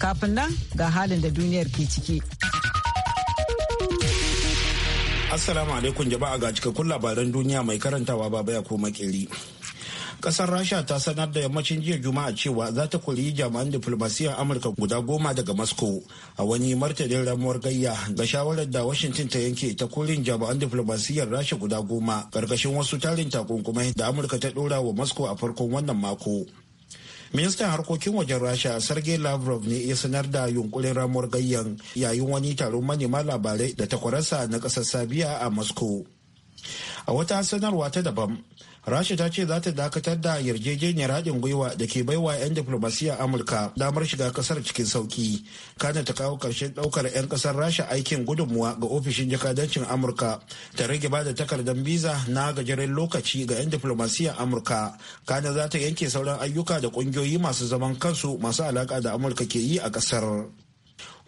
Kafin nan ga halin da duniyar ke ciki. Assalamu alaikum jama'a ga cikakkun labaran duniya mai karantawa baba ya koma makeri. Kasar Rasha ta sanar da yammacin jiya Juma'a cewa za ta kuri jami'an diflomasiyyar Amurka guda goma daga Moscow a wani martanin ramuwar gayya ga shawarar da Washington ta yanke ta kurin jami'an diflomasiyyar Rasha guda goma karkashin wasu tarin takunkumai da Amurka ta dora wa Moscow a farkon wannan mako. ministan harkokin wajen rasha sergei lavrov ne ya sanar da yunkurin ramuwar gayyan yayin wani taron manema labarai da takwararsa na ƙasar sabiya a moscow a wata sanarwa ta daban rasha ta ce za ta dakatar da yarjejeniyar haɗin gwiwa da ke baiwa 'yan diflomasiyyar amurka damar shiga ƙasar cikin sauki kana ta kawo ƙarshen ɗaukar 'yan ƙasar rasha aikin gudunmuwa ga ofishin jakadancin amurka ta rage ba da takardar biza na gajeren lokaci ga 'yan diflomasiyyar amurka kana za ta yanke sauran ayyuka da ƙungiyoyi masu zaman kansu masu alaƙa da amurka ke yi a ƙasar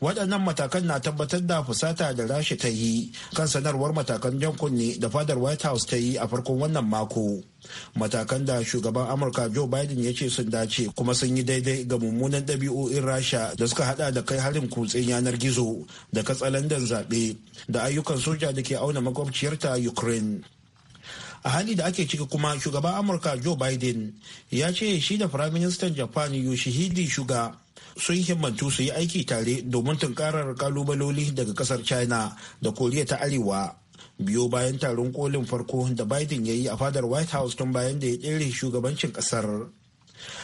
waɗannan matakan na tabbatar da fusata da rashi ta yi kan sanarwar matakan jan kunne da fadar white house ta yi a farkon wannan mako matakan da shugaban amurka joe biden ya ce sun dace kuma sun yi daidai ga mummunan ɗabi'o'in rasha da suka hada da kai harin kutsen yanar gizo da katsalandan zaɓe da ayyukan soja da ke auna makwabciyarta ukraine a hali da ake ciki kuma shugaban amurka joe biden ya ce shi da firaministan japan yoshihide shuga sun himmatu su yi aiki tare domin tunkarar kalubaloli daga kasar china da koriya ta arewa biyo bayan taron kolin farko da biden ya yi a fadar white house tun bayan da ya tsere shugabancin kasar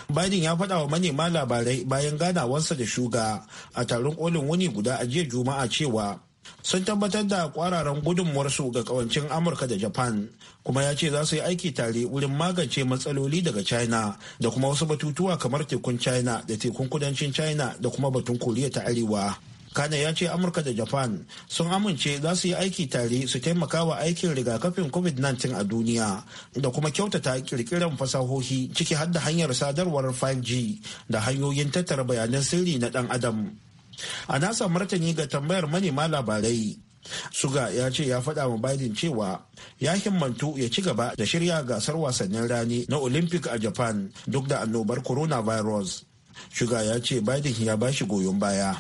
biden ya faɗa wa manema labarai bayan ganawansa da shuga a taron kolin wuni guda a jiya juma'a cewa sun tabbatar da kwararan gudunmuwarsu ga kawancin amurka da japan kuma ya ce za su yi aiki tare wurin magance matsaloli daga china da kuma wasu batutuwa kamar tekun china da tekun kudancin china da kuma batun koriya ta arewa kana ya ce amurka da japan sun amince za su yi aiki tare su taimaka wa aikin rigakafin covid-19 a duniya da kuma kyautata kirkiran fasahohi ciki har hanyar sadarwar 5g da hanyoyin tattara bayanan sirri na dan adam a nasa martani ga tambayar manema labarai suga ya ce ya faɗa wa biden cewa ya himmantu ya ci gaba da shirya gasar wasannin rani na olympic a japan duk da annobar coronavirus suga ya ce biden ya ba shi goyon baya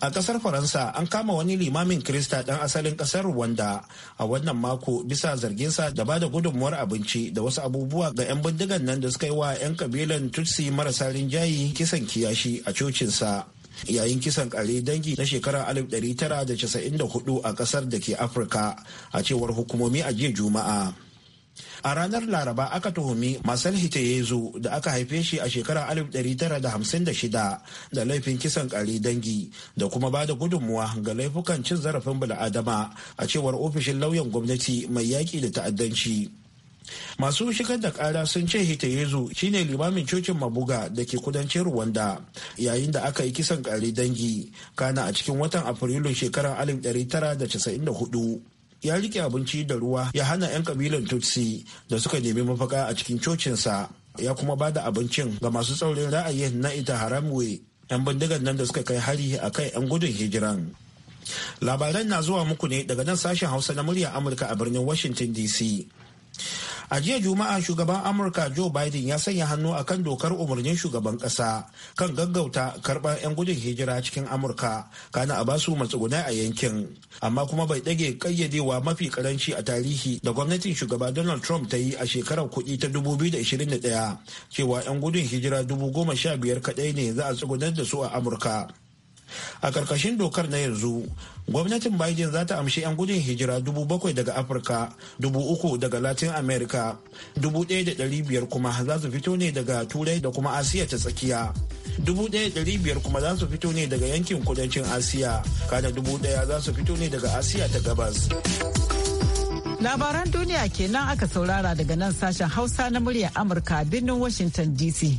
a kasar faransa an kama wani limamin krista dan asalin kasar rwanda a wannan mako bisa zarginsa da ba da gudunmuwar abinci da wasu abubuwa ga 'yan bindigan nan da suka yi wa 'yan kabilan tutsi marasa rinjayi kisan kiyashi a cocinsa yayin kisan kare dangi na shekara 1994 a kasar da ke afirka a cewar hukumomi a jiya juma'a a ranar laraba aka tuhumi masal hitayezu da aka haife shi a ɗari 1956 da laifin kisan kare dangi da kuma ba da gudunmuwa ga laifukan cin zarafin bil'adama a cewar ofishin lauyan gwamnati mai yaƙi da ta'addanci masu shigar da kara sun ce hita yezu shine limamin cocin mabuga da ke kudancin ruwanda yayin da aka yi kisan kare dangi kana a cikin watan afrilu shekarar 1994 ya rike abinci da ruwa ya hana 'yan kabilan tutsi da suka nemi mafaka a cikin cocinsa ya kuma ba da abincin ga masu tsaurin ra'ayin na ita haramwe 'yan bindigar nan da suka kai hari a kai 'yan gudun hijiran labaran na zuwa muku ne daga nan sashen hausa na murya amurka a birnin washington dc A jiya Juma'a shugaban Amurka Joe Biden ya sanya hannu a kan dokar umarnin shugaban ƙasa kan gaggauta karɓar 'yan gudun hijira cikin Amurka kana a basu matsugunai a yankin. Amma kuma bai ɗage ƙayyadewa mafi ƙaranci a tarihi da gwamnatin shugaba Donald Trump ta yi a shekarar kuɗi ta 2021 cewa 'yan gudun hijira dubu goma sha biyar kaɗai ne za a tsugunar da su a Amurka. a ƙarƙashin dokar na yanzu gwamnatin biden za ta amshi 'yan gudun hijira dubu bakwai daga afirka dubu uku daga latin america dubu ɗaya da ɗari biyar kuma za su fito ne daga turai da kuma asiya ta tsakiya dubu ɗaya ɗari biyar kuma za su fito ne daga yankin kudancin asiya kada dubu ɗaya za su fito ne daga asiya ta gabas labaran duniya kenan aka saurara daga nan sashen hausa na muryar amurka birnin washington dc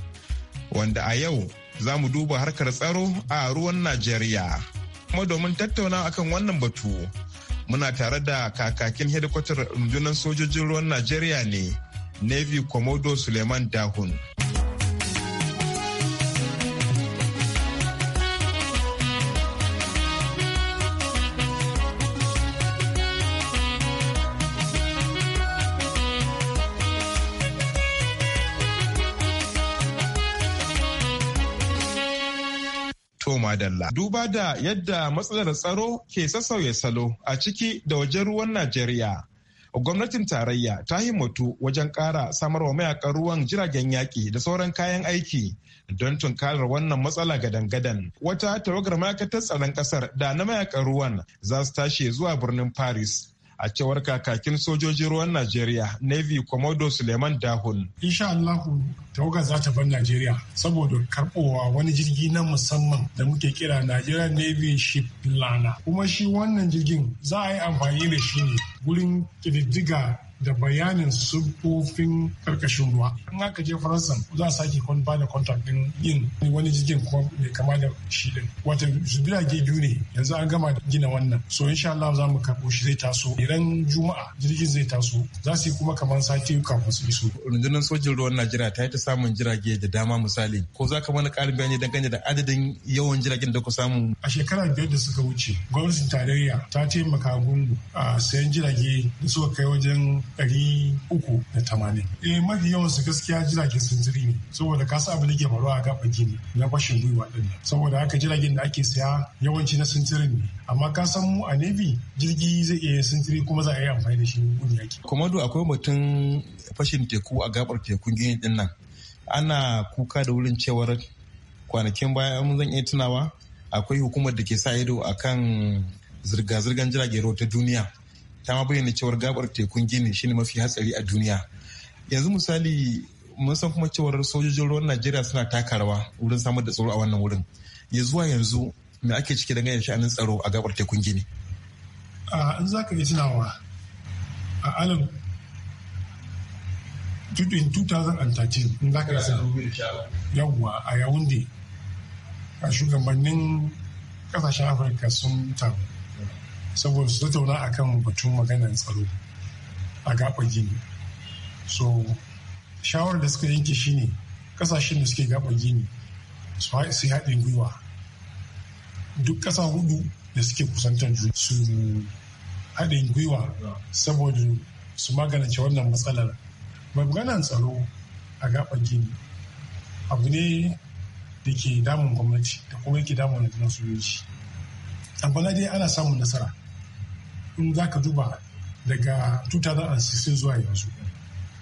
wanda a yau za mu duba harkar tsaro a ruwan Najeriya. Kuma domin tattauna akan wannan batu, muna tare da kakakin hedikwatar rundunar sojojin ruwan Najeriya ne, Navy Komodo Suleiman Dahun. Dalla. Duba da yadda matsalar tsaro ke sassauya salo a ciki da wajen ruwan Najeriya. Gwamnatin tarayya ta himmatu wajen ƙara wa mayaƙan ruwan jiragen yaƙi da sauran kayan aiki don tunkarar wannan matsala gadan-gadan. Wata tawagar ma'aikatar tsaron ƙasar da na mayakan ruwan za su tashi zuwa birnin Paris a cewar kakakin sojojin ruwan Najeriya Navy Komodo Suleiman Dahun. Insha Allah tawagar za ta bar Najeriya saboda karbowa wani jirgi na musamman da muke kira najeriya Navy Ship Lana. Kuma shi wannan jirgin za a yi amfani da shi ne gurin kididdiga da bayanin siffofin karkashin ruwa in aka je faransa za a sake ba da kwantar din yin wani jirgin ko mai kama da shi din wata jirage biyu ne yanzu an gama gina wannan so insha Allah za mu karɓo shi zai taso idan juma'a jirgin zai taso za su yi kuma kamar sati kafin su iso rundunar sojin ruwan Najeriya ta yi ta samun jirage da dama misali ko za ka mana ƙarin bayani dangane da adadin yawan jiragen da ku samu a shekara biyar da suka wuce gwamnatin tarayya ta taimaka gungu a sayan jirage da suka kai wajen ɗari uku da tamanin. Eh mafi yawansu gaskiya jiragen sinziri ne saboda ka sa abin da ke faruwa a gaba gini na bashin gwiwa ɗin saboda haka jiragen da ake siya yawanci na sinzirin ne amma ka san mu a Navy jirgi zai iya sintiri kuma za a yi amfani da shi wurin yaki. Komando akwai mutum fashin teku a gabar tekun gini din nan. Ana kuka da wurin cewar kwanakin baya mun zan iya tunawa akwai hukumar da ke sa ido akan zirga-zirgar jiragen ruwa ta duniya ta ma bayyana cewar gabar tekun gini shine mafi hatsari a duniya yanzu misali mun san kuma cewar sojojin ruwan najeriya suna taka rawa wurin samar da tsaro a wannan wurin ya zuwa yanzu me ake ciki da ganin sha'anin tsaro a gabar tekun gini a in za ka yi tunawa a alam 2013 in za ka yi yawwa a yawun a shugabannin kasashen afirka sun taru saboda su tattauna kan batun maganar tsaro a gaɓar gini so shawarar da suka yanke shine kasashen da suke gaɓar gini su haɗin gwiwa duk ƙasa hudu da suke kusantar su haɗin gwiwa saboda su magance wannan matsalar maganar tsaro a gaɓar gini abu ne da ke damun gwamnati da kuma yake damun rundunar sojoji na dai ana samun nasara in za ka duba daga 2016 zuwa yanzu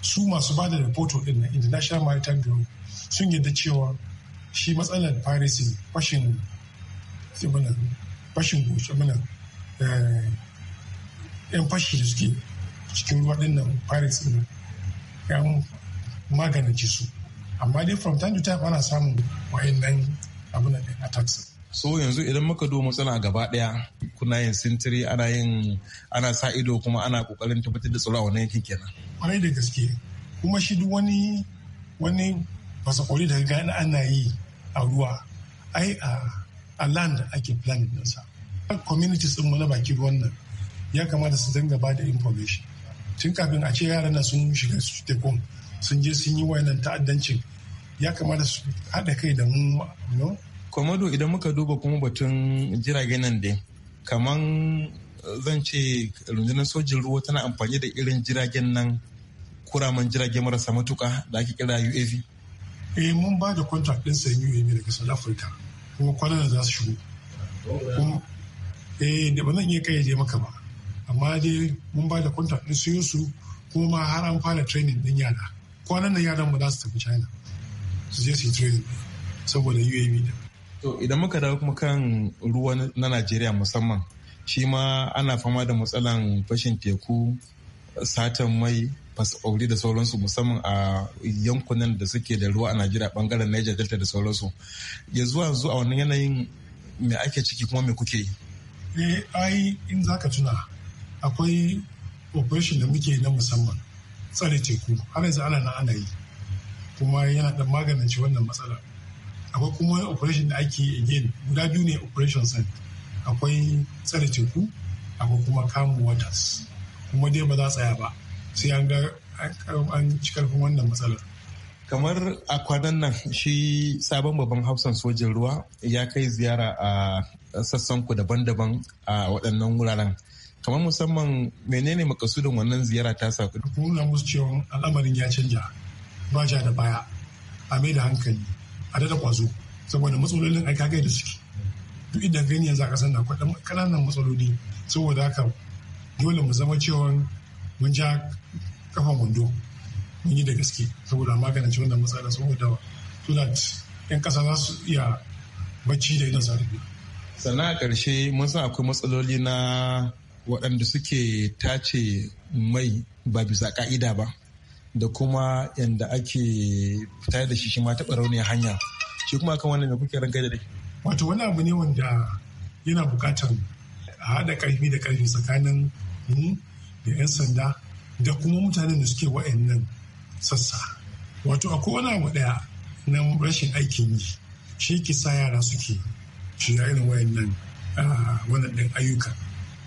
su masu ba da rahoto din na international maritime bureau sun yadda cewa shi matsalar piracy fashin fashin goshi mana eh, yan fashi da suke cikin ruwa din nan piracy din yan maganin su amma dai from time to time ana samun wayannan abin da attacks so yanzu idan muka duba matsala gaba daya kuna yin sintiri ana yin ana sa ido kuma ana kokarin tabbatar da tsaro a wannan yankin kenan kwarai da gaske kuma shi duk wani wani fasakori da ga ana yi a ruwa ai a land ake planning ɗinsa communities mu na baki ruwan nan ya kamata su dinga ba da information tun kafin a ce yaran nan sun shiga su tekun sun je sun yi wayannan ta'addancin ya kamata su haɗa kai da mu komodo idan muka duba kuma batun jiragen nan dai kaman eh, zan ce rundunar sojin ruwa tana amfani da irin jiragen nan kuraman jirage marasa matuka da ake kira uav eh mun ba da contract din sayan uav daga south africa kuma kwanan za su shigo eh da ba zan iya kai je maka ba amma dai mun ba da contract din sayan su kuma har an fara training din yara kwanan da yaran mu za su tafi china su je su yi training saboda uav din To idan muka dawo kuma kan ruwa na Najeriya musamman shi ma ana fama da matsalan fashin teku satan mai fasauri da sauransu musamman a yankunan da suke da ruwa a Najeriya bangaren Niger Delta da sauransu. Ya zuwa zuwa a yanayin me ake ciki kuma me kuke yi? Eh, ai in ka tuna akwai operation da muke na musamman tsare teku har yanzu ana na ana yi kuma yana da maganin wannan matsalar akwai kuma wani operation da ake again guda biyu ne operation sun akwai tsare teku akwai kuma kamun waters kuma dai ba za a tsaya ba sai an ga an ci karfin wannan matsalar kamar a kwanan nan shi sabon babban hausan sojin ruwa ya kai ziyara a sassan ku daban-daban a waɗannan wuraren kamar musamman menene makasudin wannan ziyara ta sa nuna musu cewa al'amarin ya canja ba da baya a mai da hankali a da kwazo saboda matsalolin aika gai da suke duk idan gani yanzu a kasar na kwaɗan kananan matsaloli saboda haka dole mu zama cewa mun ja kafan wando mun yi da gaske saboda maganin cewa wannan matsala saboda so that yan kasa za su iya bacci da idan zarafi sannan a ƙarshe mun san akwai matsaloli na waɗanda suke tace mai ba bisa ka'ida ba da kuma yadda ake fitar da shi shi ma taɓa rauniyar hanya shi kuma kan wannan da kuke gaida da wato wani abu ne wanda yana buƙatar a haɗa ƙarfi da ƙarfi tsakanin mu da 'yan sanda da kuma mutanen da suke wa'annan sassa wato akwai wani abu ɗaya na rashin aikin yi shi ke sa yara suke shiga irin wa'annan ah, wannan ɗin ayyuka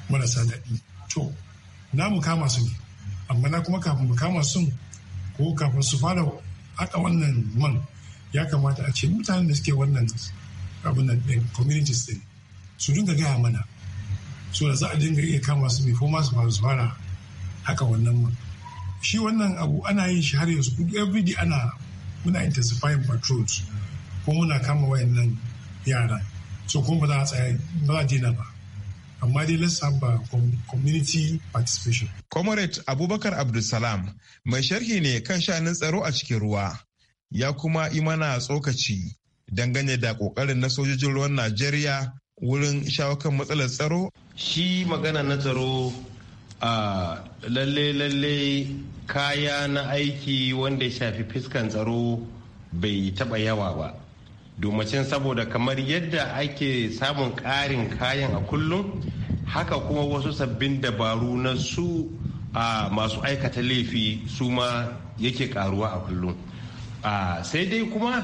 marasa daɗi to namu kama su ne amma na kuma kafin mu kama sun ko kafin su fara haka wannan man ya kamata a ce mutanen da suke wannan abin nan din communities din su dinga gaya mana so da za a dinga iya kama su before ma su su fara haka wannan man shi wannan abu ana yin shi har yanzu everyday ana muna intensifying patrols ko muna kama wayannan yara so kuma ba za a tsaya ba za a daina ba amma dai let's saba uh, community participation. Comrade Abubakar Abdulsalam mai sharhi ne kan shanin tsaro a cikin ruwa ya kuma imana tsokaci dangane da kokarin na sojojin ruwan Najeriya wurin shawo kan matsalar tsaro. Shi magana na tsaro a uh, lalle lalle kaya na aiki wanda ya shafi fiskan tsaro bai taba yawa ba. domacin saboda kamar yadda ake samun karin kayan a kullum haka kuma wasu sabbin dabaru na su a masu aikata laifi su ma yake karuwa a kullum sai dai kuma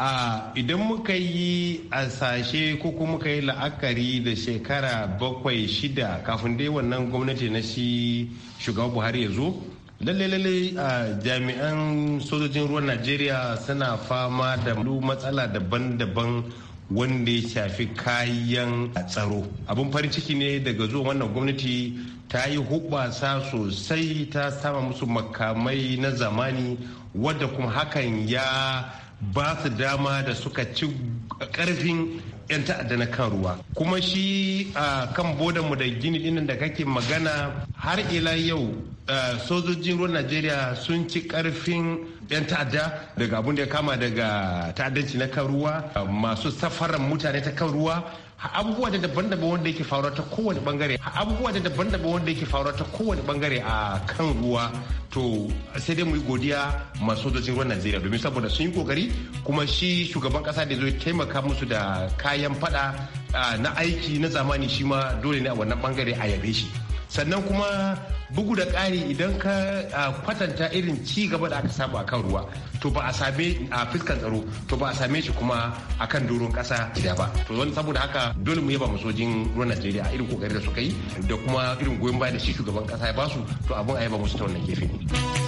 a idan muka yi asashe ko kuma muka yi la'akari da shekara bakwai shida kafin dai wannan gwamnati na shi shugaban buhari ya zo lalle lalle a jami'an sojojin ruwan najeriya suna fama da matsala daban-daban wanda ya shafi kayan tsaro abin farin ciki ne daga zuwa wannan gwamnati ta yi hubasa sosai ta sama musu makamai na zamani wadda kuma hakan ya ba su dama da suka ci karfin 'yan ta'adda na kan ruwa kuma shi a kan bodanmu da gini dinnan da kake magana har ila yau Eh, sojojin ruwan najeriya sun ci karfin 'yan ta'adda daga abun da ya kama daga ta'addanci na kan ruwa masu safarar mutane ta kan ruwa abubuwa da daban-daban wanda yake faruwa ta kowane bangare abubuwa da daban-daban wanda yake faruwa ta kowane bangare a kan ruwa to sai dai mu godiya masu sojojin ruwan Najeriya domin saboda sun yi kokari kuma shi shugaban kasa da zai taimaka musu da kayan fada eh, na aiki na zamani shima dole ne a wannan bangare a yabe shi sannan kuma bugu da ƙari idan ka kwatanta irin ci gaba da aka samu akan ruwa to ba a same a fiskan tsaro to ba a same shi kuma akan doron ƙasa da ba to wani saboda haka dole mu yaba mu sojin ruwan Najeriya a irin kokarin da suka yi da kuma irin goyon baya da shi shugaban ƙasa ya basu to abun a yaba musu ta wannan gefe ne.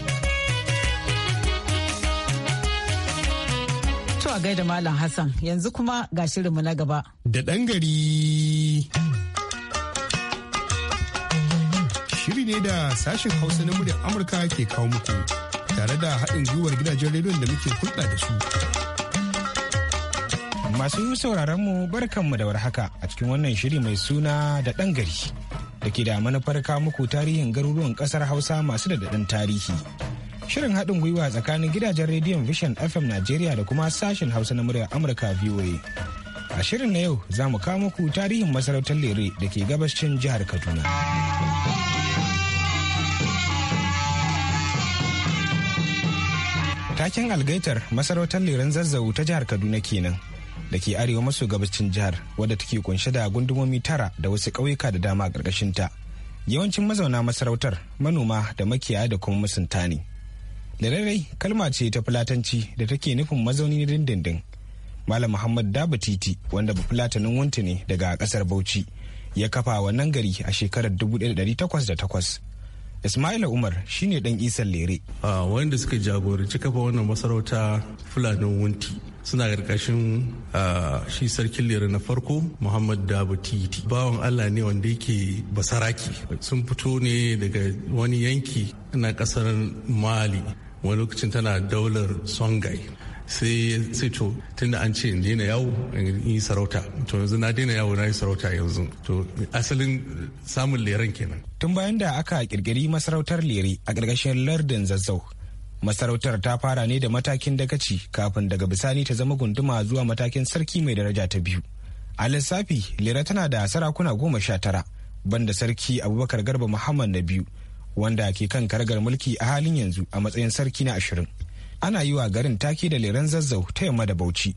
To a gaida Malam Hassan yanzu kuma ga shirinmu na gaba. Da ɗan gari. Shiri ne da sashen Hausa na muryar Amurka ke kawo muku tare da haɗin gwiwar gidajen rediyon da muke hulɗa da su. Masu sauraronmu mu barkanmu da warhaka a cikin wannan shiri mai suna da ɗan gari da ke da manufar muku tarihin garuruwan ƙasar Hausa masu da tarihi. Shirin haɗin gwiwa tsakanin gidajen rediyon Vision FM Najeriya da kuma sashen Hausa na muryar Amurka VOA. A shirin na yau za mu kawo muku tarihin masarautar lere da ke gabashin jihar Kaduna. Taken algaitar masarautar leren zazzau ta jihar Kaduna kenan da ke arewa maso gabashin jihar wadda take kunshe da gundumomi tara da wasu ƙauyuka da dama a ƙarƙashinta. Yawancin mazauna masarautar manoma da makiyaya da kuma masunta ne. Lararai kalma ce ta fulatanci da take nufin mazauni na dindindin. Malam Muhammad Daba Titi wanda bafulatanin wunti ne daga kasar Bauchi ya kafa wannan gari a shekarar 1808 Ismaila Umar shine dan Isan Lere. a wanda suka jagoranci kafa wannan masarauta Fulanin Wunti suna karkashin shi sarkin lere na farko Muhammad Dabu Titi. Bawon Allah ne wanda yake basaraki. Sun fito ne daga wani yanki na kasar Mali. wani lokacin tana daular songai sai sai to tunda an ce in daina yawo yi sarauta to yanzu na daina yawo na yi sarauta yanzu to asalin samun leren kenan tun bayan da aka kirkiri masarautar lere a ƙarƙashin lardin zazzau masarautar ta fara ne da matakin dagaci kafin daga bisani ta zama gunduma zuwa matakin sarki mai daraja ta biyu a lissafi lera tana da sarakuna goma sha tara banda sarki abubakar garba muhammad na biyu wanda ke kan karagar mulki a halin yanzu a matsayin sarki na ashirin ana yi wa garin take da leren zazzau ta yamma da bauchi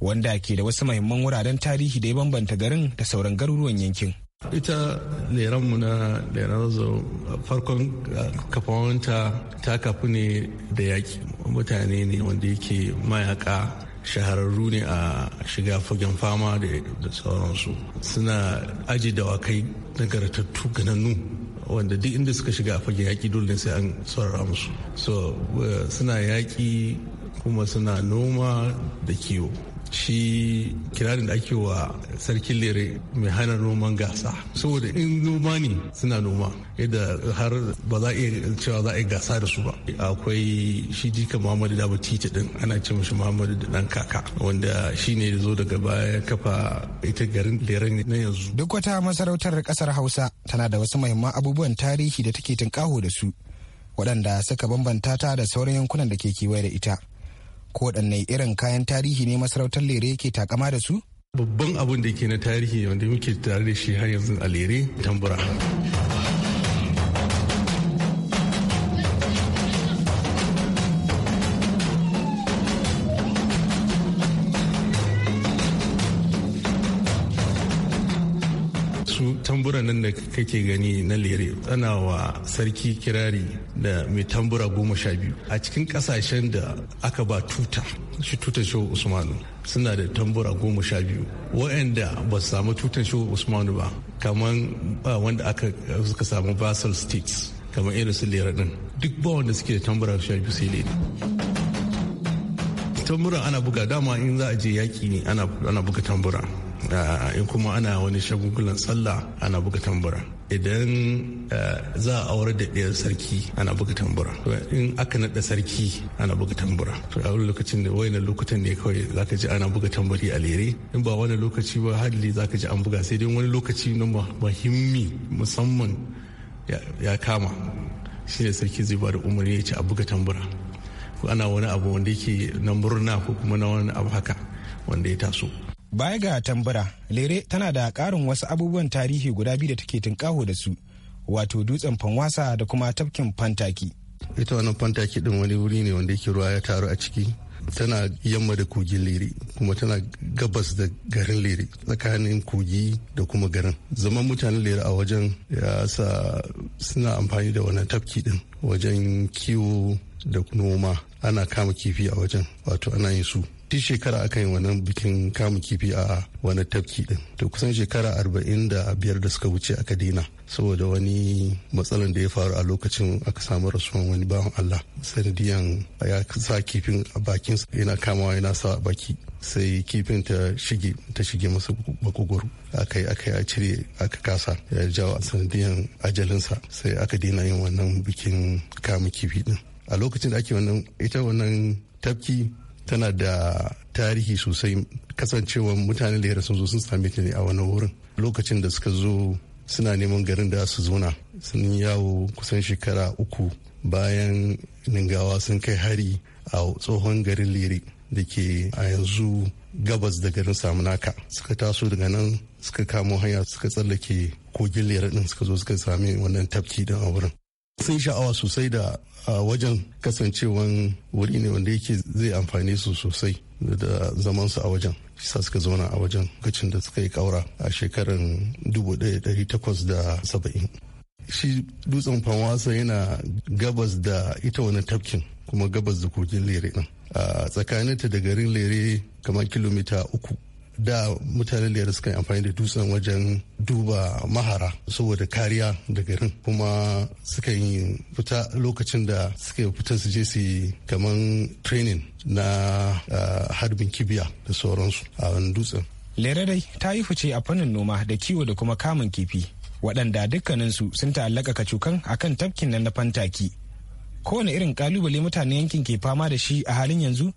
wanda ke da wasu mahimman wuraren tarihi da ya bambanta garin da sauran garuruwan yankin ita leranmu na leran zazzau farkon uh, kafawanta ta kafu ne da yaki mutane ne wanda yake mayaka shahararru ne a shiga fagen fama da sauransu suna aji dawakai garatattu ganannu wanda duk inda suka shiga a fage yaƙi dole sai an saurara musu so uh, suna yaƙi kuma suna noma da kiwo shi kirarin da ake wa sarkin lere mai hana noman gasa saboda in noma ne suna noma yadda har ba za a iya cewa za a yi gasa da su ba akwai shi jika muhammadu da titi din ana ce mashi muhammadu da dan kaka wanda shi ne zo daga baya kafa ita garin lere na yanzu duk wata masarautar kasar hausa tana da wasu mahimman abubuwan tarihi da take tunkaho da su waɗanda suka bambanta ta da sauran yankunan da ke kewaye da ita ko irin kayan tarihi ne masarautar lere yake takama da su? Babban abin da ke na tarihi wanda muke tare da shi har yanzu a lere tambura. tambura nan da kake gani na lere ana wa sarki kirari da mai tambura goma sha biyu a cikin kasashen da aka ba tuta shi tuta shi usmanu suna da tambura goma sha biyu wa'anda ba su samu tutan shi usmanu ba kamar wanda aka suka samu basel states kamar irin su lera din duk ba wanda suke tambura sha biyu sai lera tambura ana buga dama in za a je yaki ne ana buga tambura Ah, in kuma ana wani shagugulan sallah ana buga tambura idan eh, za a aure da ɗayan sarki ana buga tambura in aka naɗa sarki ana buga tambura to a wani lokacin da wani lokutan ne kawai zaka ji ana buga tambari a lere in ba wani lokaci ba za zaka ji an buga sai dai wani lokaci na muhimmi musamman ya kama shine sarki zai ba da umarni ya ce a buga tambura ko ana wani abu wanda yake na murna ko kuma na wani abu haka wanda ya taso Baya ga tambura, lere tana da karin wasu abubuwan tarihi guda biyu da take tunƙaho da su, wato dutsen fanwasa da kuma tafkin fantaki. Ita wannan fantaki ɗin wani wuri ne wanda yake ruwa ya taru a ciki. Tana yamma da kogin lere kuma tana gabas da garin lere tsakanin kogi da kuma garin. Zaman mutanen lere a wajen ya sa suna amfani da wannan tafki ɗin wajen kiwo da noma ana kama kifi a wajen wato ana yin su duk shekara aka yi wannan bikin kamun kifi a wani tafki din to kusan shekara arba'in da biyar da suka wuce aka dina saboda wani matsalan da ya faru a lokacin aka samu rasuwan wani bawan allah sanadiyan ya sa kifin a bakin yana kamawa yana sa a baki sai kifin ta shige ta shige masa bakogoro aka yi aka cire aka kasa ya jawo sanadiyan ajalinsa sai aka dina yin wannan bikin kamun kifi din a lokacin da ake wannan ita wannan tafki tana da tarihi sosai kasancewa mutanen da sun zo sun same ta ne a wani wurin lokacin da suka zo suna neman garin da su zona sun yawo kusan shekara uku bayan ningawa sun kai hari a tsohon garin lere da ke a yanzu gabas da garin samunaka suka taso daga nan suka kamo hanya suka tsallake kogin lera din suka zo suka sami wannan tafki din a wurin sun sha'awa sosai da wajen kasancewan wuri ne wanda yake zai amfani su sosai da zamansu a wajen sa suka zauna a wajen lokacin da suka yi kaura a shekarun 1870 shi dutsen famasa yana gabas da ita wani tafkin kuma gabas da kogin lere din a tsakaninta da garin lere kamar kilomita uku da mutanen da suka yi amfani da dutsen wajen duba mahara saboda kariya da garin kuma suka yi fita lokacin da suka fita su je su yi kamar training na ah, harbin kibiya da sauransu a wani dutsen lere dai ta yi fice a fannin noma da kiwo da kuma kamun kifi waɗanda dukkaninsu sun ta'allaka kacukan akan tafkin nan na fantaki kowane irin kalubale mutane yankin ke fama da shi a halin yanzu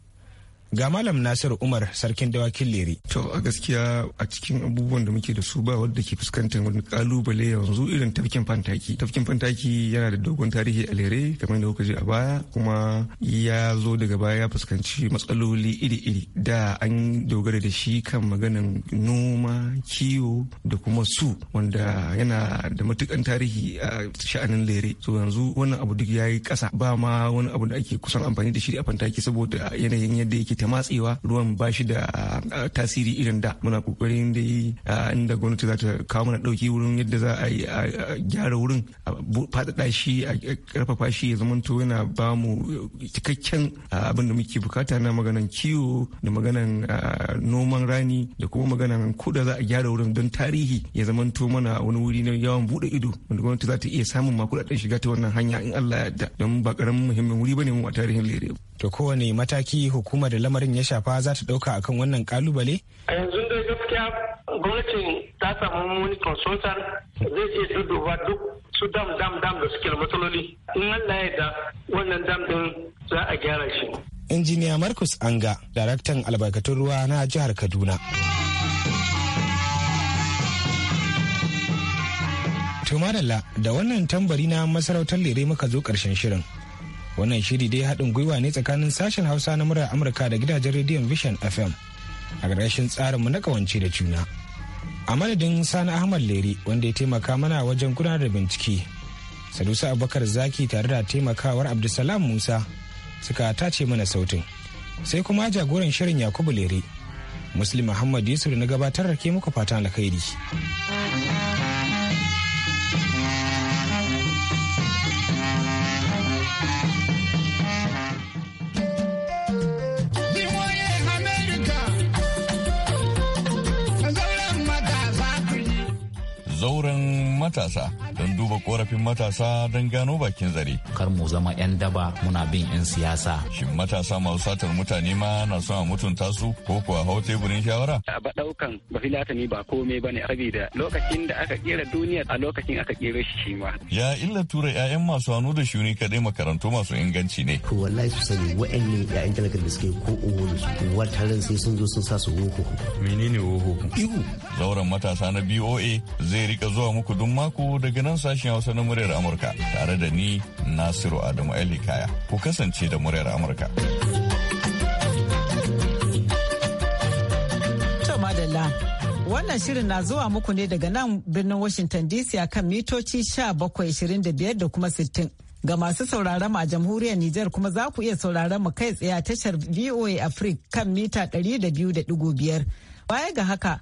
ga malam nasir umar sarkin dawakin lere to a gaskiya a cikin abubuwan da muke da su ba wadda ke fuskantar wani kalubale yanzu irin tafkin fantaki tafkin fantaki yana da dogon tarihi a lere kamar da kuka je a baya kuma ya zo daga baya ya fuskanci matsaloli iri-iri da an dogara da shi kan maganan noma kiwo da kuma su wanda yana da matukan tarihi a sha'anin lere so yanzu wannan abu duk ya yi kasa ba ma wani abu da ake kusan amfani da shi a fantaki saboda yanayin yadda yake ta matsewa ruwan ba shi da ah, tasiri irin da muna kokarin da yi ah, inda gwamnati za ta kawo mana dauki wurin yadda za a a gyara wurin a faɗaɗa shi a karfafa shi ya zamanto yana ba mu cikakken ah, abin da muke bukata na maganan kiwo da maganan noman rani da kuma maganan kuɗa za a gyara wurin don tarihi ya zamanto mana wani wuri na yawan buɗe ido wanda gwamnati za ta iya samun ma kuɗaɗen shiga ta wannan hanya in Allah ya yarda don ba karamin muhimmin wuri bane mu a tarihin lere. to kowane mataki hukumar da lamarin ya shafa za ta ɗauka akan wannan kalubale? a yanzu dai gaskiya gwamnatin ta samu wani consultant zai je duduba duk su dam dam dam da suke da matsaloli in allah ya da wannan dam din za a gyara shi injiniya marcus anga daraktan albarkatun ruwa na jihar kaduna tumarala da wannan tambari na masarautar lere muka zo karshen shirin wannan shiri dai haɗin gwiwa ne tsakanin sashen hausa na murar amurka da gidajen rediyon vision fm a ƙarshen tsarinmu na ƙawance da juna a madadin sani ahmad leri wanda ya taimaka mana wajen gudanar da bincike sadusa abubakar zaki tare da taimakawar abdulsalam musa suka tace mana sautin sai kuma jagoran shirin yakubu Leri muslim muhammad yusuf na gabatar ke muku fatan alkhairi matasa duba korafin matasa don gano bakin zare. Kar mu zama 'yan daba muna bin 'yan siyasa. Shin matasa masu satar mutane ma na son a mutunta su ko kuwa hau teburin shawara? A ba ɗaukan ba filatani ba komai ba ne da lokacin da aka kera duniya a lokacin aka kera shi shi ma. Ya illa tura 'ya'yan masu hannu da shuni kaɗai makarantu masu inganci ne. ko wallahi su sani wa'annan 'ya'yan talakar da suke ko da su ran sai sun zo sun sa su woho. Menene woho? Ihu. Zauren matasa na BOA zai rika zuwa muku duk mako daga nan sashi sashen Hausa na muryar Amurka tare da ni Nasiru Adamu elikaya Ku kasance da muryar Amurka. madalla wannan shirin na zuwa muku ne daga nan birnin Washington DC a kan mitoci 1725 da kuma 60. Ga masu sauraron a jamhuriyar Nijar kuma za ku iya sauraron mu kai tsaye a tashar VOA Africa kan mita 200.5. Baya ga haka,